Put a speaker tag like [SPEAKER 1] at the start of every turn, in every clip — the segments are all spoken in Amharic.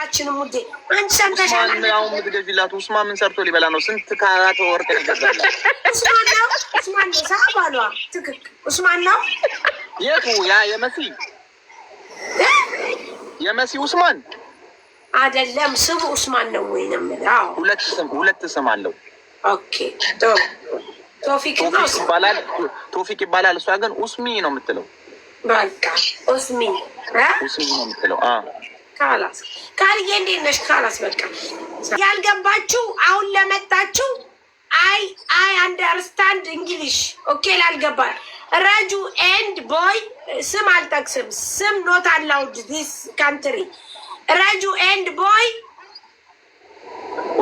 [SPEAKER 1] ሁላችንም ውዴ አንቺ ሰምተሻል።
[SPEAKER 2] አሁን የምትገዢላት ኡስማን ምን ሰርቶ ሊበላ ነው? ስንት ካራ ወርቅ ይገዛላት?
[SPEAKER 1] ኡስማን ነው ሳ ባሏ ትክክ ኡስማን ነው።
[SPEAKER 2] የቱ ያ የመሲ የመሲ ኡስማን
[SPEAKER 1] አይደለም ስሙ ኡስማን ነው ወይ ነው የምልህ።
[SPEAKER 2] ሁለት ስም ሁለት ስም አለው።
[SPEAKER 1] ኦኬ ቶፊክ
[SPEAKER 2] ይባላል፣ ቶፊክ ይባላል። እሷ ግን ኡስሚ ነው የምትለው።
[SPEAKER 1] በቃ ኡስሚ
[SPEAKER 2] ኡስሚ ነው የምትለው። አዎ
[SPEAKER 1] ካላስ ካልዬ እንዴት ነሽ? ካላስ በቃ ያልገባችሁ አሁን ለመጣችሁ አይ አይ አንደርስታንድ እንግሊሽ ኦኬ ላልገባ ረጁ ኤንድ ቦይ ስም አልጠቅስም። ስም ኖት አላውድ ዲስ ካንትሪ ረጁ ኤንድ ቦይ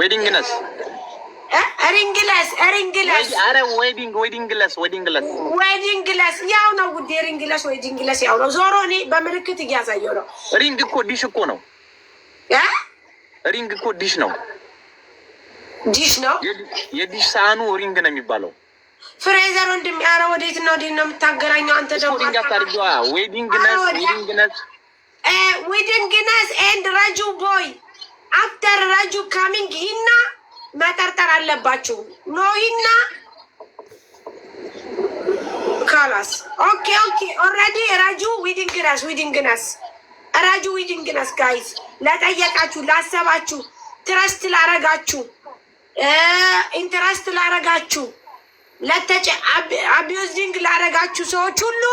[SPEAKER 1] ዌዲንግ ነስ ሪንግለስ ሪንግለስ፣
[SPEAKER 2] ኧረ ዌዲንግ ዌዲንግለስ ዌዲንግለስ
[SPEAKER 1] ዌዲንግለስ፣ ያው ነው ጉዴ። ሪንግለስ ዌዲንግለስ ያው ነው። ዞሮ እኔ በምልክት እያሳየው ነው።
[SPEAKER 2] ሪንግ እኮ ዲሽ እኮ ነው። ሪንግ እኮ ዲሽ ነው። ዲሽ ነው። የዲሽ ሳህኑ ሪንግ ነው የሚባለው።
[SPEAKER 1] ፍሬዘር ወንድም ያረ ወዴት ነው ወዴት ነው የምታገናኘው? አንተ
[SPEAKER 2] ደግሞ ዌዲንግነስ ዌዲንግነስ
[SPEAKER 1] ዌዲንግነስ ኤንድ ረጁ ቦይ አፍተር ረጁ ካሚንግ ሂና መጠርጠር አለባችሁ። ኖይና ካላስ ኦኬ ኦኬ ኦልሬዲ ረጁ ዊድንግነስ ዊድንግነስ ረጁ ዊድንግነስ ጋይዝ ለጠየቃችሁ፣ ላሰባችሁ፣ ትረስት ላረጋችሁ፣ ኢንትረስት ላረጋችሁ፣ ለተጨ አቢዩዚንግ ላረጋችሁ ሰዎች ሁሉ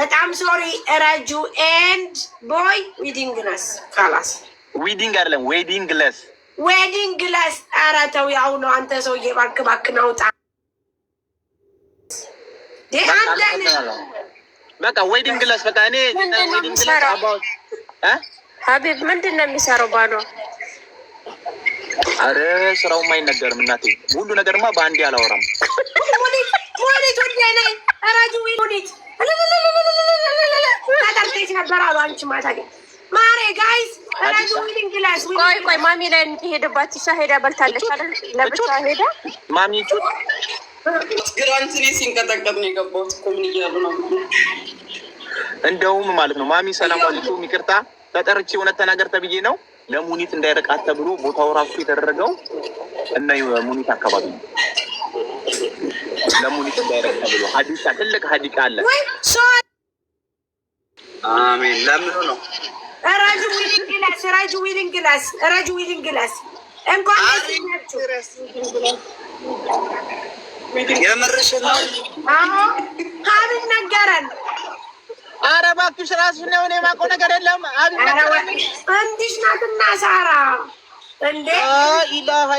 [SPEAKER 1] በጣም ሶሪ። ረጁ ኤንድ ቦይ ዊዲንግነስ ካላስ
[SPEAKER 2] ዊዲንግ አይደለም ለስ
[SPEAKER 1] ዌዲንግ ላስ ኧረ ተው ያው ነው። አንተ ሰውዬ ባክ ባክ ናውጣ ጣ
[SPEAKER 2] በቃ ዌዲንግ ላስ በቃ እኔ
[SPEAKER 3] ሀቢብ ምንድን ነው የሚሰራው? ባሏ
[SPEAKER 2] አረ ስራውም አይነገርም እናቴ። ሁሉ ነገርማ በአንዴ አላወራም።
[SPEAKER 1] ራጁ ነበረ አንቺ ማታ ማሬ ጋይስ ቆይ ቆይ፣ ማሚ ላይ የምትሄድባት ኢሻ ሄዳ በልታለች አይደል? ለብቻ ሄዳ ማሚ ግራንት እኔ ሲንቀጠቀጥ ነው የገባሁት እኮ ምን እያሉ ነው? እንደውም ማለት ነው ማሚ ሰላም አለችውም። ይቅርታ ተጠርቼ እውነት ተናገር ተብዬ ነው ለሙኒት እንዳይረቃት ተብሎ ቦታው ራሱ የተደረገው እና ሙኒት አካባቢ ነው። ለሙኒት እንዳይረቅ ተብሎ ሀዲቃ ትልቅ ሀዲቃ አለ። አሜን ለምኑ ነው ረጅ ዊሊንግ ግላስ ረጅ ዊሊንግ ግላስ እንኳን የምርሽን ነው ሀቢብ ነገረን። ኧረ እባክሽ እራስሽ ነው እኔ የማውቀው ነገር የለም። እንዲሽ ናትና ሳራ እንደ ኢላሀ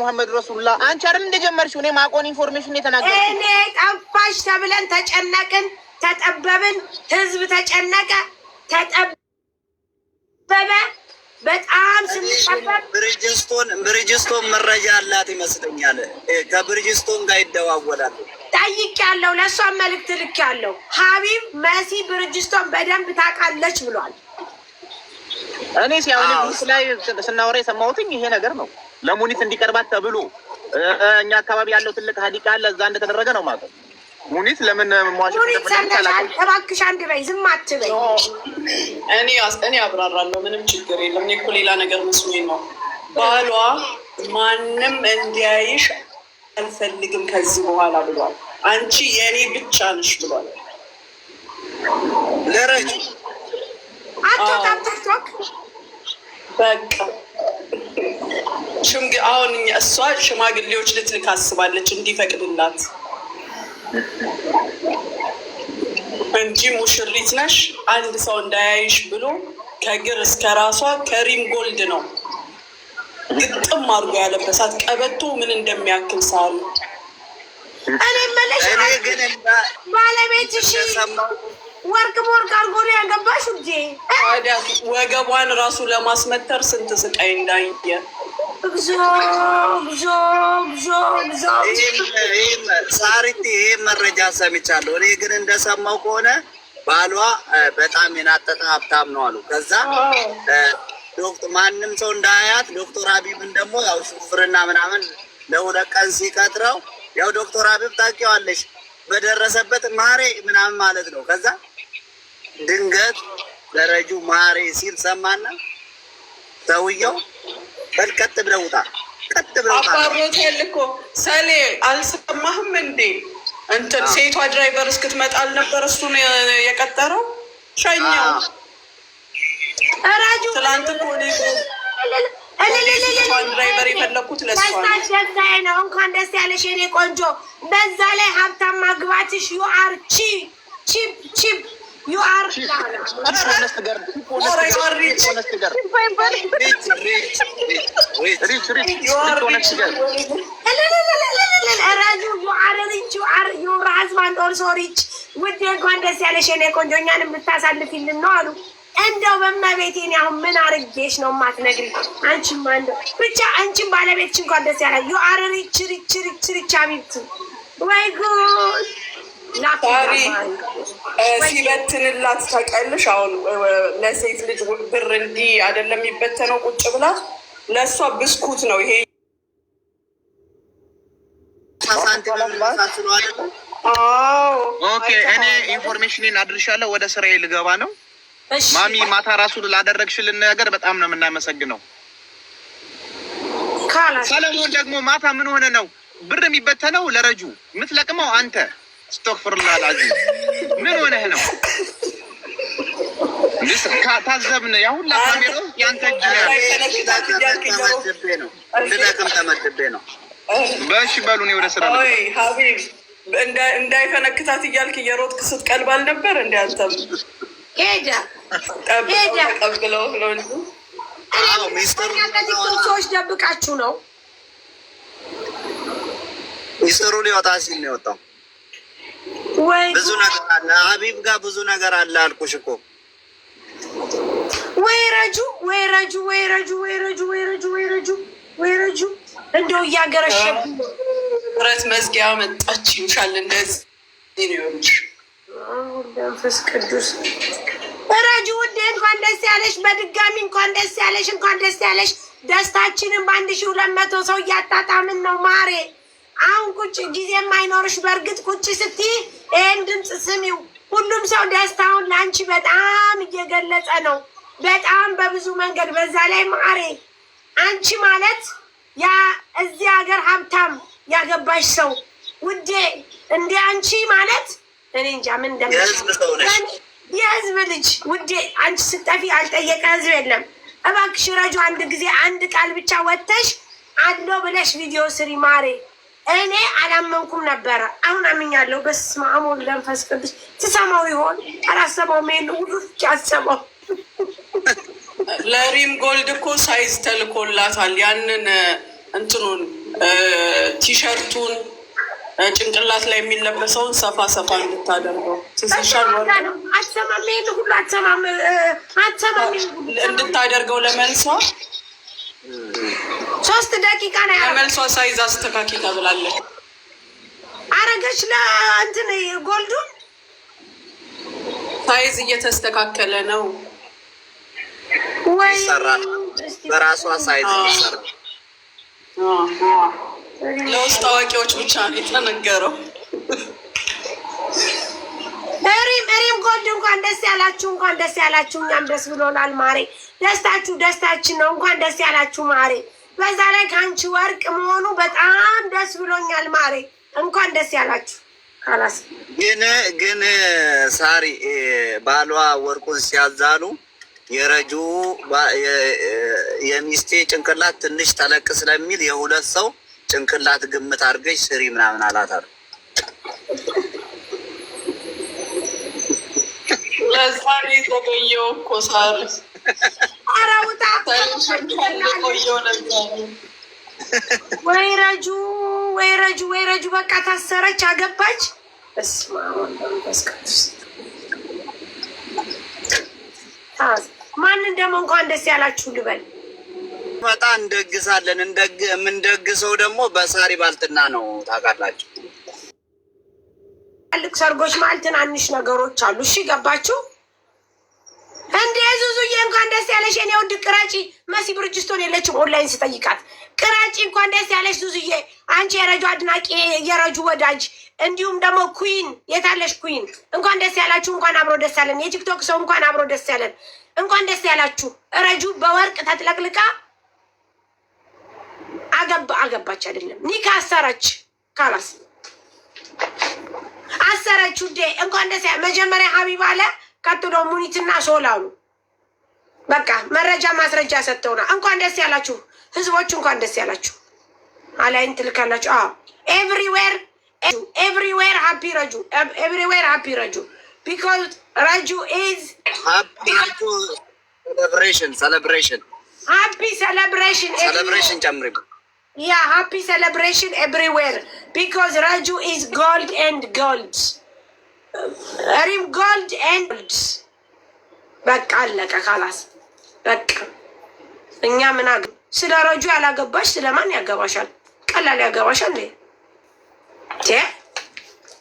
[SPEAKER 1] ሙሐመድ ረሱሉላህ። አንቺ አይደል እንደጀመርሽው እኔ የማውቀውን ኢንፎርሜሽን የተናገርኩት እኔ ጠፋሽ ተብለን ተጨነቅን፣ ተጠበብን። ህዝብ ተጨነቀ፣ ተጠበ አበበ በጣም ብሪጅስቶን ብሪጅስቶን መረጃ አላት ይመስለኛል። ከብሪጅስቶን ጋር ይደዋወላል። ጠይቄያለሁ፣ ለእሷን ልክ ያለው ሀቢብ መሲ ብሪጅስቶን በደንብ ታውቃለች ብሏል። እኔ ሲሁን ላይ ስናወራ የሰማሁትኝ ይሄ ነገር ነው። ለሙኒት እንዲቀርባት ተብሎ እኛ አካባቢ ያለው ትልቅ ሀዲቃ አለ፣ እዛ እንደተደረገ ነው ማለት ነው ሙኒት ለምን ሙኒት ሰምተሻል? እባክሽ አንድ በይ፣ ዝም አትበይ። እኔ እኔ አብራራለሁ፣ ምንም ችግር የለም። እኔ እኮ ሌላ ነገር መስሎኝ ነው። ባሏ ማንም እንዲያይሽ አልፈልግም ከዚህ በኋላ ብሏል። አንቺ የእኔ ብቻ ነሽ ብሏል። ለረጅ አትወጣም በቃ ሽምግ አሁን እሷ ሽማግሌዎች ልትልክ አስባለች እንዲፈቅድላት እንጂ ሙሽሪት ነሽ አንድ ሰው እንዳያይሽ ብሎ ከግር እስከ ራሷ ከሪም ጎልድ ነው ግጥም አድርጎ ያለበሳት ቀበቶ ምን እንደሚያክል ሳሉ እኔ መለሽ ባለቤትሽ ወርቅ በወርቅ አድርጎ ነው ያገባሽ እንጂ ወገቧን ራሱ ለማስመተር ስንት ስቃይ እንዳየ ሳሪቲ ይህ መረጃ ሰምቻለሁ። እኔ ግን እንደሰማው ከሆነ ባሏ በጣም የናጠጠ ሀብታም ነው አሉ። ከዛ ማንም ሰው እንዳያት ዶክተር አቢብን ደግሞ ያው ሹፍርና ምናምን ለሁለት ቀን ሲቀጥረው ያው ዶክተር አቢብ ታውቂዋለሽ በደረሰበት ማሬ ምናምን ማለት ነው። ከዛ ድንገት ደረጁ ማሬ ሲል ሰማና ሰውየው በልቀጥ ቀጥ ብለህ ውጣ፣ ቀጥ ብለህ አባሮታል እኮ ሰሌ አልሰማህም እንዴ? እንትን ሴቷ ድራይቨር እስክትመጣ አልነበር እሱን የቀጠረው ሸኛው። ትላንት እኮ የፈለኩት ለስደስታዬ ነው። እንኳን ደስ ያለሽ የኔ ቆንጆ። በዛ ላይ ሀብታም ማግባትሽ ዩ አር ቺፕ ቺፕ ቺፕ ውድ እንኳን ደስ ያለሽ የኔ ቆንጆ፣ እኛን የምታሳልፊልን ነው አሉ። እንደው ባለቤትሽ እንኳን ደስ ያለ ዩ አር ሪች ሪች ሪች ሪች አሚብቱ ወይ ጉድ ታሪ ሲበትንላት ታውቂያለሽ? አሁን ለሴት ልጅ ብር እንዲህ አይደለም የሚበተነው ቁጭ ብላት፣ ለእሷ ብስኩት ነው ይሄ ኦኬ። እኔ ኢንፎርሜሽንን አድርሻለሁ። ወደ ስራዬ ልገባ ነው። ማሚ ማታ ራሱ ላደረግሽልን ነገር በጣም ነው የምናመሰግነው። ሰለሞን ደግሞ ማታ ምን ሆነ ነው ብር የሚበተነው ለረጁ የምትለቅመው አንተ አስተፍርላል አዚ ምን ሆነህ ነው? ታዘብን። ካሜራ ያንተ እጅ ልለቅም ተመድቤ ነው። ወደ ስራ ሀቢብ እንዳይፈነክታት እያልክ እየሮጥክ እንደ አንተም ነው እንጂ ሰዎች ደብቃችሁ ነው ሚስጥሩ ሊወጣ ሲል ነው የወጣው። ብዙ ነገር አለ። አቢብ ጋር ብዙ ነገር አለ አልኩሽ እኮ። ወይ ረጁ ወይ ረጁ ወይ ረጁ ወይ ረጁ ወይ ረጁ ወይ ረጁ ወይ ረጁ እንደው እያገረሸብ ብረት መዝጊያ መጣች ይሻል። እንደዚህ መንፈስ ቅዱስ ረጁ ውዴት እንኳን ደስ ያለሽ፣ በድጋሚ እንኳን ደስ ያለሽ፣ እንኳን ደስ ያለሽ። ደስታችንን በአንድ ሺህ ሁለት መቶ ሰው እያጣጣምን ነው ማሬ አሁን ቁጭ ጊዜ የማይኖርሽ በእርግጥ ቁጭ ስትይ ይህን ድምፅ ስሚው። ሁሉም ሰው ደስታውን ለአንቺ በጣም እየገለጸ ነው፣ በጣም በብዙ መንገድ። በዛ ላይ ማሬ አንቺ ማለት ያ እዚህ ሀገር ሀብታም ያገባሽ ሰው ውዴ፣ እንደ አንቺ ማለት እኔ እንጃ ምን የህዝብ ልጅ ውዴ፣ አንቺ ስጠፊ አልጠየቀ ህዝብ የለም። እባክሽ ረጁ አንድ ጊዜ አንድ ቃል ብቻ ወጥተሽ አለው ብለሽ ቪዲዮ ስሪ ማሬ እኔ አላመንኩም ነበረ። አሁን አምኛለሁ። በስመ አብ ወወልድ ወመንፈስ ቅዱስ። ትሰማው ይሆን አላሰማውም። ይሄን ሁሉ ያሰማው ለሪም ጎልድ እኮ ሳይዝ ተልኮላታል። ያንን እንትኑን ቲሸርቱን ጭንቅላት ላይ የሚለበሰውን ሰፋ ሰፋ እንድታደርገው ስሻል አሰማም። ይሄን ሁሉ አሰማም እንድታደርገው ለመልሷ ሶስት ደቂቃ ነው ያመልሷ ሳይዝ አስተካኪ ተብላለች። አረገች ለእንትን ጎልዱ ሳይዝ እየተስተካከለ ነው ወይ በራሷ ሳይዝ ለውስጥ አዋቂዎች ብቻ ነው የተነገረው። እሪም እሪም ጎልድ እንኳን ደስ ያላችሁ፣ እንኳን ደስ ያላችሁ። እኛም ደስ ብሎናል ማሬ። ደስታችሁ ደስታችን ነው። እንኳን ደስ ያላችሁ ማሬ። በዛ ላይ ከአንቺ ወርቅ መሆኑ በጣም ደስ ብሎኛል ማሬ። እንኳን ደስ ያላችሁ። ካላስ ግን ግን ሳሪ ባሏ ወርቁን ሲያዛሉ የረጁ የሚስቴ ጭንቅላት ትንሽ ተለቅ ስለሚል የሁለት ሰው ጭንቅላት ግምት አድርገሽ ስሪ ምናምን አላታል። ለዛ የተገኘው እኮ ሳር ወይ ረጁ፣ ወይ ረጁ፣ ወይ ረጁ። በቃ ታሰረች፣ አገባች። ማንን ደግሞ እንኳን ደስ ያላችሁ ልበል። መጣ እንደግሳለን። የምንደግሰው ደግሞ በሳሪ ባልትና ነው ታውቃላችሁ። ትላልቅ ሰርጎች መሀል ትናንሽ ነገሮች አሉ። እሺ ገባችሁ እንዴ? ዙዙዬ እንኳን ደስ ያለሽ የኔ ውድ ቅራጪ። መሲ ብርጅስቶን የለችም ኦንላይን ስጠይቃት ቅራጪ እንኳን ደስ ያለሽ ዙዙዬ። አንቺ የረጁ አድናቂ የረጁ ወዳጅ፣ እንዲሁም ደግሞ ኩዊን የታለሽ ኩዊን፣ እንኳን ደስ ያላችሁ፣ እንኳን አብሮ ደስ ያለን። የቲክቶክ ሰው እንኳን አብሮ ደስ ያለን፣ እንኳን ደስ ያላችሁ። ረጁ በወርቅ ተጥለቅልቃ አገባ አገባች አይደለም ኒካ አሰራች ካላስ አሰረችው ዴ እንኳን ደስ መጀመሪያ ሀቢብ አለ፣ ቀጥሎ ሙኒትና ሶል አሉ። በቃ መረጃ ማስረጃ ሰጥተውና እንኳን ደስ ያላችሁ ህዝቦቹ፣ እንኳን ደስ ያላችሁ። አላይን ትልካላችሁ። አዎ ኤቭሪዌር ኤቭሪዌር ሀፒ ረጁ ኤቭሪዌር ሀፒ ረጁ ቢኮዝ ረጁ ኢዝ ሴሌብሬሽን ሴሌብሬሽን ሀፒ ሴሌብሬሽን ሴሌብሬሽን ጨምሪ ያ ሃፒ ሴሌብሬሽን ኤቭሪዌር ቢኮዝ ረጁ ኢዝ ጎልድ ኤንድ ጎልድ ሪም ጎልድ ኤንድ በቃ አለቀ። ካላስ በቃ እኛ ምን አገ ስለ ረጁ ያላገባሽ ስለማን ያገባሻል? ቀላል ያገባሻል እንዴ?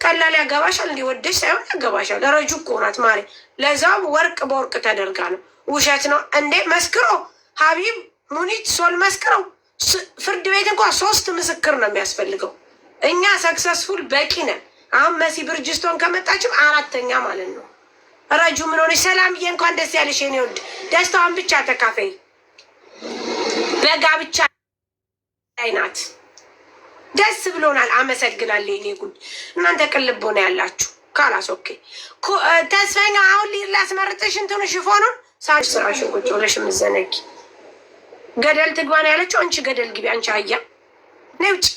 [SPEAKER 1] ቀላል ያገባሻል እንዴ? ወደሽ ሳይሆን ያገባሻል። ረጁ እኮ ናት ማሪ። ለዛውም ወርቅ በወርቅ ተደርጋ ነው። ውሸት ነው እንዴ? መስክሮ ሀቢብ ሙኒት ሶል መስክረው ፍርድ ቤት እንኳን ሶስት ምስክር ነው የሚያስፈልገው። እኛ ሰክሰስፉል በቂ ነን። አሁን መሲ ብርጅስቶን ከመጣችም አራተኛ ማለት ነው። ረጁ ምን ሆነች? ሰላምዬ እንኳን ደስ ያለሽ የኔ ወድ፣ ደስታዋን ብቻ ተካፈይ። በጋብቻ ላይ ናት። ደስ ብሎናል። አመሰግናለሁ የኔ ጉድ። እናንተ ቅልቦ ነው ያላችሁ። ካላስ ኦኬ። ተስፈኛ አሁን ሊላስመርጥሽ እንትኑ ሽፎኑን ሳ ስራሽን ቁጭ ብለሽ ምዘነጊ ገደል ትግባ ነው ያለችው። አንቺ ገደል ግቢ፣ አንቺ አያ ነይ ውጭ።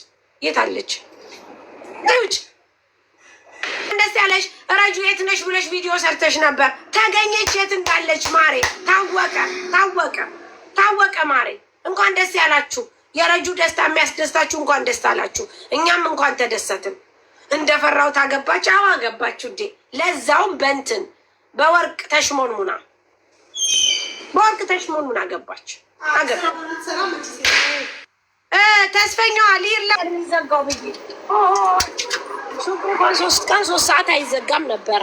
[SPEAKER 1] የት አለች? ነይ ውጭ። እንደዚህ ያለሽ ረጁ የት ነሽ ብለሽ ቪዲዮ ሰርተሽ ነበር። ተገኘች። የት እንዳለች ማሬ ታወቀ፣ ታወቀ፣ ታወቀ። ማሬ እንኳን ደስ ያላችሁ። የረጁ ደስታ የሚያስደስታችሁ እንኳን ደስታ አላችሁ። እኛም እንኳን ተደሰትም። እንደፈራው ታገባች። አዎ አገባችሁ እንዴ! ለዛውም በንትን በወርቅ ተሽሞን ተሽሞንሙና በወርቅተሽ መሆኑን ምን አገባች አገባ ተስፈኛዋ ሊላ የሚዘጋው ብዬ ሶስት ቀን ሶስት ሰዓት አይዘጋም ነበረ።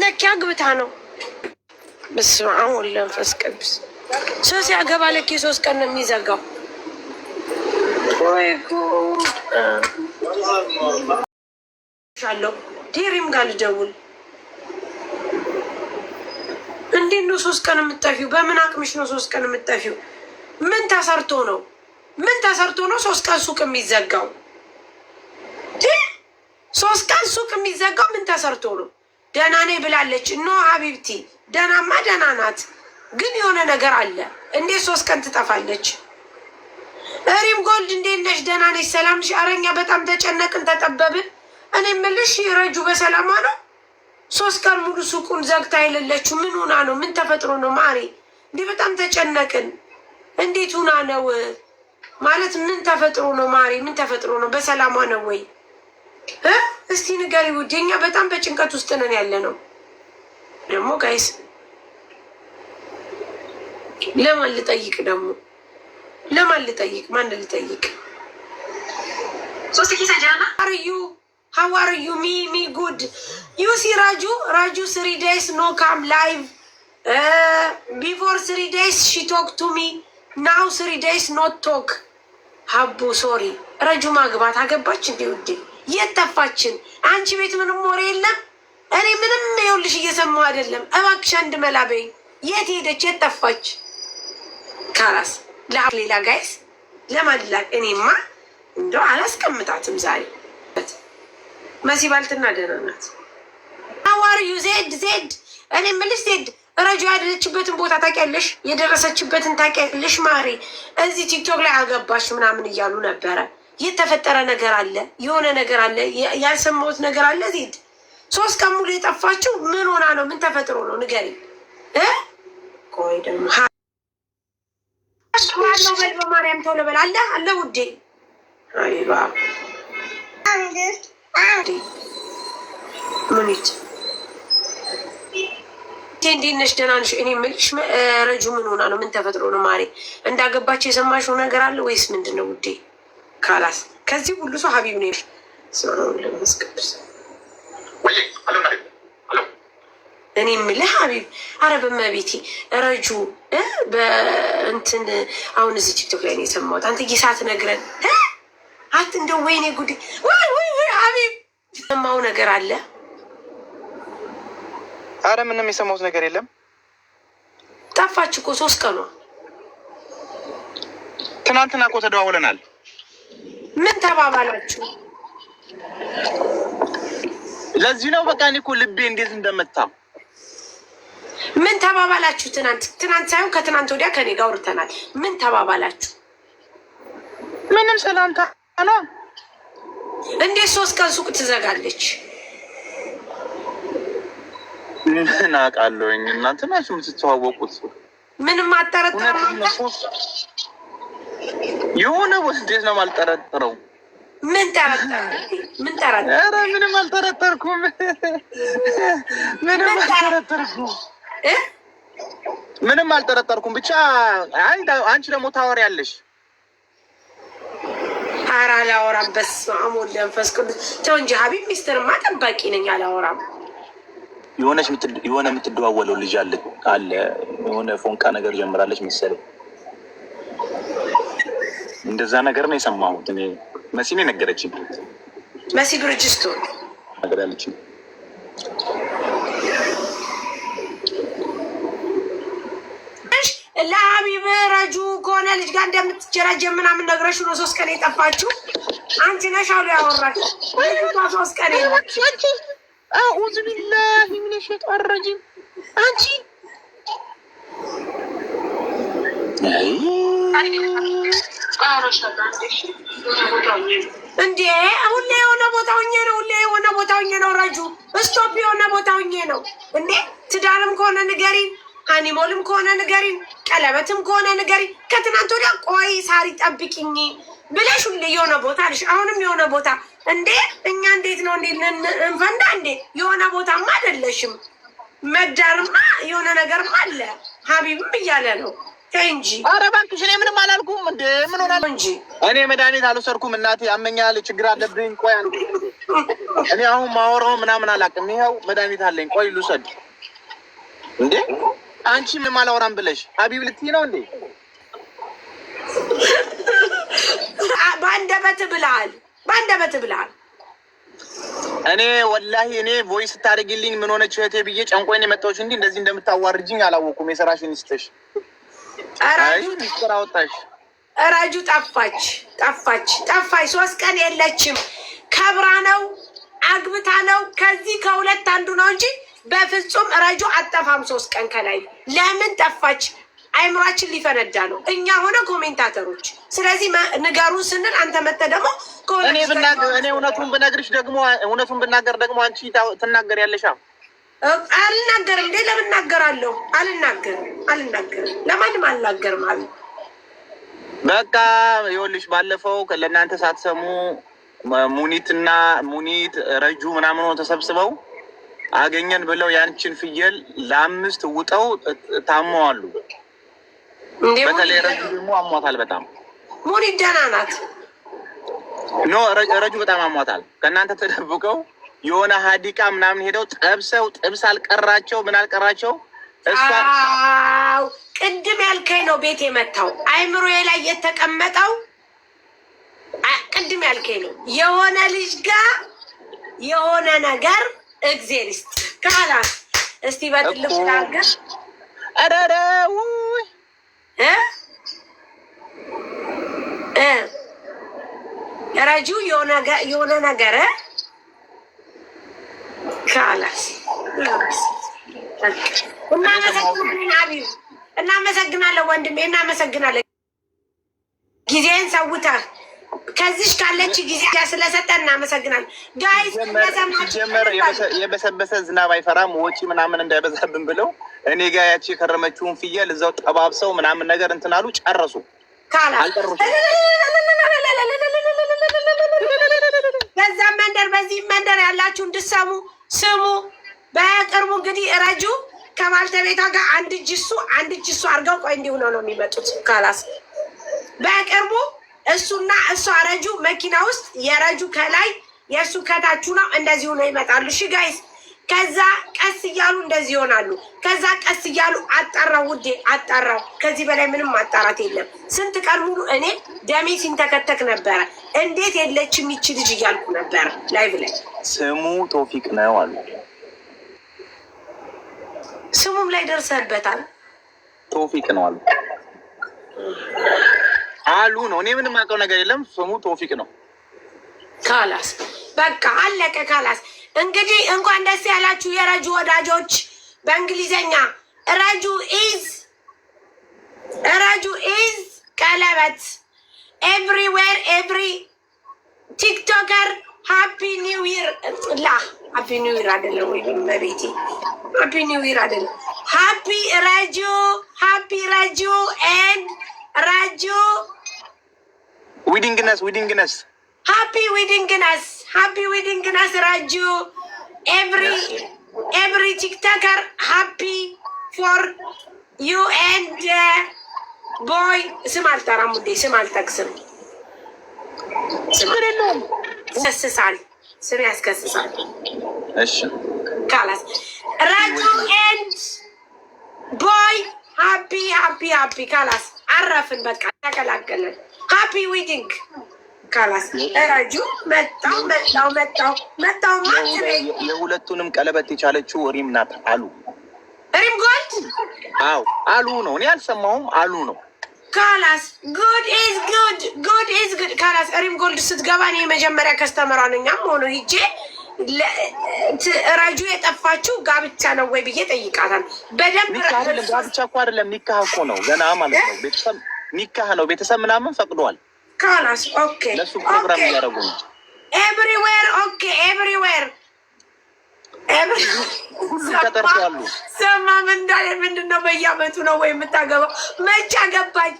[SPEAKER 1] ለኪ አግብታ ነው በስመ አብ ወወልድ ወመንፈስ ቅዱስ። ሰው ሲያገባ ለኪ ሶስት ቀን ነው የሚዘጋው። ሻለው ጉድ ዴሪም ጋር ልደውል እንዴት ነው ሶስት ቀን የምጠፊው? በምን አቅምሽ ነው ሶስት ቀን የምጠፊው? ምን ተሰርቶ ነው ምን ተሰርቶ ነው ሶስት ቀን ሱቅ የሚዘጋው? ሶስት ቀን ሱቅ የሚዘጋው ምን ተሰርቶ ነው? ደህና ነኝ ብላለች። ኖ ሀቢብቲ ደህናማ ደህና ናት፣ ግን የሆነ ነገር አለ። እንዴት ሶስት ቀን ትጠፋለች? ሪም ጎልድ እንዴት ነሽ? ደህና ነሽ? ሰላም ነሽ? እኛ በጣም ተጨነቅን፣ ተጠበብን። እኔ የምልሽ ረጁ በሰላማ ነው ሶስት ቀን ሙሉ ሱቁን ዘግታ የሌለችው ምን ሆና ነው? ምን ተፈጥሮ ነው? ማሬ እንዲህ በጣም ተጨነቅን። እንዴት ሁና ነው ማለት ምን ተፈጥሮ ነው? ማሬ ምን ተፈጥሮ ነው? በሰላሟ ነው ወይ? እስቲ ንገሪ ውድ። እኛ በጣም በጭንቀት ውስጥ ነን ያለ ነው። ደግሞ ጋይስ ለማን ልጠይቅ? ደግሞ ለማን ልጠይቅ? ማን ልጠይቅ? ሶስት ኪስ አርዩ ሀዋር ዩ ሚ ሚ ጉድ ዩ ሲ ራጁ ራጁ ስሪ ዴይስ ኖ ካም ላይቭ ቢፎር ስሪ ዴይስ ሺ ቶክ ቱ ሚ ናው ስሪ ዴይስ ኖት ቶክ ሀቡ ሶሪ ረጁ ማግባት አገባች እንዲ ውዴ የት ጠፋችን? አንቺ ቤት ምንም ወሬ የለም። እኔ ምንም የውልሽ እየሰማሁ አይደለም። እባክሽ አንድ መላ በይ። የት ሄደች? የት ጠፋች? ካላስ ሌላ ጋይስ ለማድላቅ እኔማ እንደው አላስቀምጣትም ዛሬ መሲ ባልትና ደህና ናት። አዋርዩ ዜድ ዜድ፣ እኔ የምልሽ ዜድ ረጁ ያደለችበትን ቦታ ታውቂያለሽ? የደረሰችበትን ታውቂያለሽ? ማሬ እዚህ ቲክቶክ ላይ አገባሽ ምናምን እያሉ ነበረ። የተፈጠረ ነገር አለ፣ የሆነ ነገር አለ፣ ያልሰማሁት ነገር አለ። ዜድ ሶስት ቀን ሙሉ የጠፋችው ምን ሆና ነው? ምን ተፈጥሮ ነው? ንገሪ። ቆይ ደግሞ ተውለበል አለ አለ ውዴ ሙኒት እንዴት ነሽ? ደህና ነሽ? እኔ የምልሽ ረጁ ምን ሆና ነው? ምን ተፈጥሮ ነው? ማሬ እንዳገባቸው የሰማሽው ነገር አለ ወይስ ምንድን ነው ውዴ? ካላስ ከዚህ ሁሉ ሰው ሀቢብ ነው እኔ የምልህ ሀቢብ፣ አረ በመቤቴ ረጁ በእንትን አሁን እዚህ ቲክቶክ ላይ ነው የሰማሁት። አንተ ጌሳት ነግረን አት እንደው ወይኔ ጉዴ ወይ ሀቢብ የሰማው ነገር አለ? አረ ምንም የሰማሁት ነገር የለም። ጠፋች እኮ ሶስት ቀኗ። ትናንትና እኮ ተደዋውለናል። ምን ተባባላችሁ? ለዚህ ነው በቃ እኔ እኮ ልቤ እንዴት እንደመታ? ምን ተባባላችሁ? ትናንት ትናንት ሳይሆን ከትናንት ወዲያ ከኔ ጋር አውርተናል። ምን ተባባላችሁ? ምንም ሰላምታ ነው እንዴት ሶስት ቀን ሱቅ ትዘጋለች? ምን አውቃለሁኝ። እናንተ ናችሁ የምትተዋወቁት። ምንም አጠረጠረው የሆነ ቦስ እንዴት ነው የማልጠረጥረው? ምን ጠረጠረ? ምን ጠረጠረ? ኧረ ምንም አልጠረጠርኩም። ምንም አልጠረጠርኩም። ምንም አልጠረጠርኩም። ብቻ አንቺ ደግሞ ታወሪያለሽ ኧረ አላወራም። በስመ አብ መንፈስ ቅዱስ ተው እንጂ ሀቢብ፣ ሚስትርማ ጠባቂ ነኝ አላወራም። የሆነች የሆነ የምትደዋወለው ልጅ አለ አለ የሆነ ፎንቃ ነገር ጀምራለች መሰለኝ። እንደዛ ነገር ነው የሰማሁት። መሲ ነው የነገረችኝ። መሲ ብርጅስቶ ነገር ያለችኝ ይበረጁ ከሆነ ልጅ ጋር እንደምትጀራጀ ምናምን ነግረሽ ነው ሶስት ቀን የጠፋችው አንቺ ነሽ አሉ ያወራሽ። ልጅቷ ሶስት ቀን አዑዝ ቢላሂ ሚነ ሸይጣን ረጂም። አንቺ እንዴ ሁሌ የሆነ ቦታ ሆኜ ነው፣ ሁሌ የሆነ ቦታ ሆኜ ነው። ረጁ እስቶፕ የሆነ ቦታ ሆኜ ነው እንዴ። ትዳርም ከሆነ ንገሪን፣ ሃኒሞልም ከሆነ ንገሪን ቀለበትም ከሆነ ንገሪ፣ ከትናንት ወዲያ ቆይ ሳሪ ጠብቂኝ ብለሽ የሆነ ቦታ አለሽ፣ አሁንም የሆነ ቦታ እንዴ፣ እኛ እንዴት ነው እንዴ እንፈንዳ እንዴ? የሆነ ቦታማ አይደለሽም፣ መዳርማ የሆነ ነገርማ አለ። ሀቢብም እያለ ነው ተይ እንጂ። ኧረ እባክሽ እኔ ምንም አላልኩም። እንደ ምን ሆነ እንጂ እኔ መድኃኒት አልወሰድኩም። እናቴ አመኛል፣ ችግር አለብኝ፣ ቆይ አልኩ። እኔ አሁን ማወራው ምናምን አላውቅም። ይኸው መድኃኒት አለኝ፣ ቆይ ልውሰድ እንዴ አንቺ ምንም አላወራም ብለሽ ሀቢብ ልትይ ነው እንዴ? በአንደበት ብለሃል፣ በአንደበት ብለሃል። እኔ ወላሂ እኔ ቮይስ ስታደርጊልኝ ምን ሆነች እህቴ ብዬ ጨንቆይን የመጣሁሽ እንጂ እንደዚህ እንደምታዋርጅኝ አላወቁም። የስራሽን ይስጥሽ። ሚስጥር አወጣሽ። ረጁ ጠፋች፣ ጠፋች፣ ጠፋች። ሶስት ቀን የለችም። ከብራ ነው አግብታ ነው ከዚህ ከሁለት አንዱ ነው እንጂ በፍጹም ረጁ አጠፋም። ሶስት ቀን ከላይ ለምን ጠፋች? አይምሯችን ሊፈነዳ ነው። እኛ ሆነ ኮሜንታተሮች። ስለዚህ ንገሩን ስንል አንተ መተ ደግሞ እኔ እውነቱን ብነግርሽ ደግሞ እውነቱን ብናገር ደግሞ አንቺ ትናገር ያለሻ አልናገርም እንዴ? ለምናገራለሁ? አልናገርም አልናገርም ለማንም አልናገርም አለ። በቃ ይኸውልሽ፣ ባለፈው ለእናንተ ሳትሰሙ ሙኒትና ሙኒት ረጁ ምናምን ተሰብስበው አገኘን ብለው ያንቺን ፍየል ለአምስት ውጠው ታመዋሉ። በተለይ ረጁ ደግሞ አሟታል በጣም ሙኒ ደህና ናት። ኖ ረጁ በጣም አሟታል። ከእናንተ ተደብቀው የሆነ ሀዲቃ ምናምን ሄደው ጠብሰው ጥብስ አልቀራቸው ምን አልቀራቸው። ቅድም ያልከኝ ነው ቤት የመታው አይምሮዬ ላይ የተቀመጠው ቅድም ያልከኝ ነው የሆነ ልጅ ጋር የሆነ ነገር እግዜር ይስጥ ካላ እስቲ በትልቁ ላገር አረረው ረጁ የሆነ ነገር ካላስ እናመሰግናለን። ወንድሜ እናመሰግናለን። ጊዜን ሰውተህ ከዚሽ ካለች ጊዜ ጋር ስለሰጠ እናመሰግናለን። ጋይስ የበሰበሰ ዝናብ አይፈራም። ወጪ ምናምን እንዳይበዛብን ብለው እኔ ጋ ያቺ የከረመችውን ፍየል እዛው ጠባብሰው ምናምን ነገር እንትን አሉ። ጨረሱ በዛ መንደር በዚህ መንደር ያላችሁ እንድሰሙ ስሙ። በቅርቡ እንግዲህ ረጁ ከባልተቤቷ ጋር አንድ እጅ እሱ አንድ እጅ እሱ አድርገው ቆይ እንዲሁ ነው ነው የሚመጡት ካላስ በቅርቡ እሱና እሷ ረጁ መኪና ውስጥ የረጁ ከላይ የእሱ ከታች ነው። እንደዚህ ሆነው ይመጣሉ። እሺ ጋይስ። ከዛ ቀስ እያሉ እንደዚህ ይሆናሉ። ከዛ ቀስ እያሉ አጣራው፣ ውዴ አጣራው። ከዚህ በላይ ምንም ማጣራት የለም። ስንት ቀን ሙሉ እኔ ደሜ ሲንተከተክ ነበረ። እንዴት የለች የሚች ልጅ እያልኩ ነበረ። ላይ ብለ ስሙ ቶፊቅ ነው አሉ። ስሙም ላይ ደርሰህበታል። ቶፊቅ ነው አሉ አሉ ነው። እኔ ምንም አውቀው ነገር የለም። ስሙ ቶፊቅ ነው። ካላስ በቃ አለቀ። ካላስ እንግዲህ እንኳን ደስ ያላችሁ የረጁ ወዳጆች። በእንግሊዘኛ ረጁ ኢዝ ረጁ ኢዝ ቀለበት ኤቭሪዌር ኤቭሪ ቲክቶከር ሃፒ ኒው ይር ላ ሃፒ ኒው ይር አይደለም ወይ መቤቴ? ሃፒ ኒው ይር አይደለም። ሃፒ ረጁ ሃፒ ረጁ ኤንድ ረጁ ዊዲንግነስ ዊዲንግነስ ሃፒ ዊዲንግነስ ሃፒ ዊዲንግነስ ራጁ ኤቭሪ ኤቭሪ ቲክቶከር ሃፒ ፎር ዩ ኤንድ ቦይ ስም አልጠራም ውዴ፣ ስም አልጠቅስም። ያስከስሳል፣ ስም ያስከስሳል። ካላስ ራጁ ኤንድ ቦይ ሃፒ ሃፒ ሃፒ። ካላስ አረፍን፣ በቃ ተቀላቀልን። ሀፒ ዊዲንግ ካላስ ረጁ መጣው መጣው መጣው መጣው የሁለቱንም ቀለበት የቻለችው ሪም ናት አሉ። ሪም ጎልድ አዎ አሉ ነው። እኔ አልሰማሁም አሉ ነው። ካላስ ጉድ ኢዝ ጉድ ጉድ ኢዝ ጉድ ካላስ ሪም ጎልድ ስትገባ እኔ የመጀመሪያ ከስተመሯ ነኛም ሆኖ ሂጄ ረጁ የጠፋችው ጋብቻ ነው ወይ ብዬ ጠይቃታል። በደንብ ጋብቻ እኮ አይደለም፣ ኒካህ እኮ ነው ገና ማለት ነው ቤተሰብ ኒካህ ነው። ቤተሰብ ምናምን ፈቅዷል። ካላስ ኦኬ፣ ለሱ ፕሮግራም እያደረጉ ነው። ኤቭሪዌር ኦኬ፣ ኤቭሪዌር ሰማ ምንዳል ምንድን ነው? በየአመቱ ነው ወይ የምታገባው? መቼ አገባች?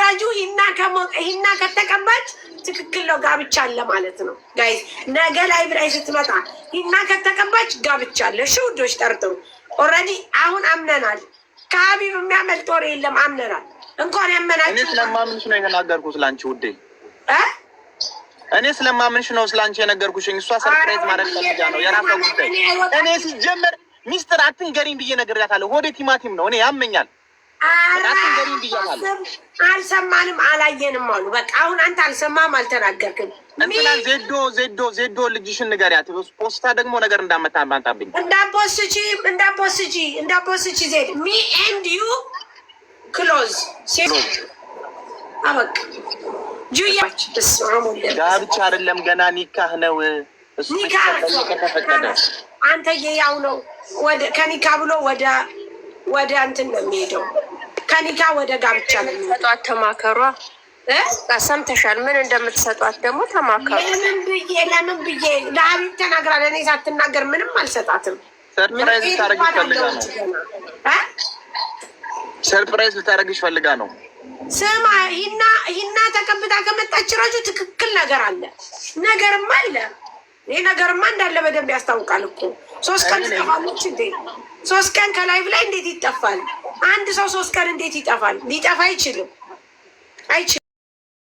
[SPEAKER 1] ረጁ ሂና ከሞቀ ሂና ከተቀባች ትክክል ነው፣ ጋብቻ አለ ማለት ነው። ጋይ ነገ ላይ ብላይ ስትመጣ ሂና ከተቀባች ጋብቻ አለ። ሽውዶች ጠርጥሩ። ኦልሬዲ አሁን አምነናል። ከሀቢብ የሚያመልጥ ወሬ የለም። አምነናል። እንኳን ያመናችሁ። እኔ ስለማምንሽ ነው የነገርኩት ለአንቺ ውዴ። እኔ ስለማምንሽ ነው ስለአንቺ የነገርኩሽኝ። እሷ ሰርፕራይዝ ማድረግ ፈልጋ ነው የራሷ ጉዳይ። እኔ ሲጀመር ሚስጥር አትንገሪኝ ብዬ ነግሬያታለሁ። ሆዴ ቲማቲም ነው፣ እኔ ያመኛል። አትንገሪኝ ብያታለሁ። አልሰማንም፣ አላየንም አሉ። በቃ አሁን አንተ አልሰማም፣ አልተናገርክም። እንትና ዜዶ ዜዶ ዜዶ ልጅሽን ንገሪያት። ፖስታ ደግሞ ነገር እንዳመጣ እንዳፖስቺ እንዳፖስቺ እንዳፖስቺ ዜድ ሚ ኤንድ ዩ ክሎዝ አበቃ። ጋብቻ አይደለም ገና ኒካህ ነው። አንተዬ ያው ነው። ከኒካ ብሎ ወደ ወደ እንትን ነው የሚሄደው። ከኒካ ወደ ጋብቻ ነው ተማከሯ ሰምተሻል? ምን እንደምትሰጧት ደግሞ ተማከሯ። ለምን ብዬ ለምን ብዬ ለሀቢብ ተናግራ ለእኔ ሳትናገር ምንም አልሰጣትም። ሰርፕራይዝ ልታደርግሽ ፈልጋ ነው። ስማ ሂና ሂና ተቀብታ ከመጣች ራሱ ትክክል ነገር አለ፣ ነገርማ አለ። ይህ ነገርማ እንዳለ በደንብ ያስታውቃል እኮ ሶስት ቀን ጠፋለች እንዴ? ሶስት ቀን ከላይቭ ላይ እንዴት ይጠፋል? አንድ ሰው ሶስት ቀን እንዴት ይጠፋል? ሊጠፋ አይችልም፣ አይችልም።